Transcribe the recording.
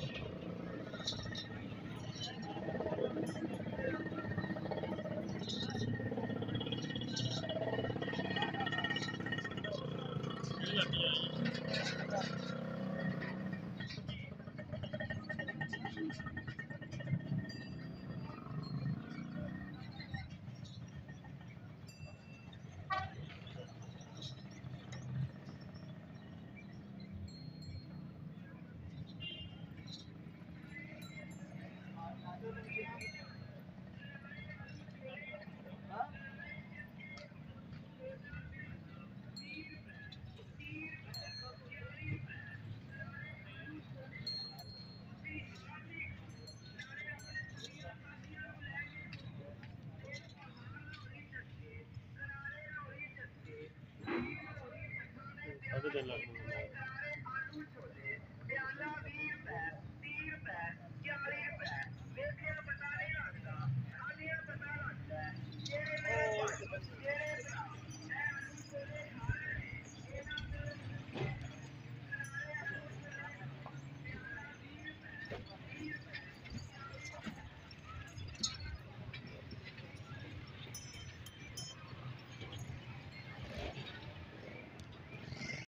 Yeah, yeah. साढ़े तीन लाख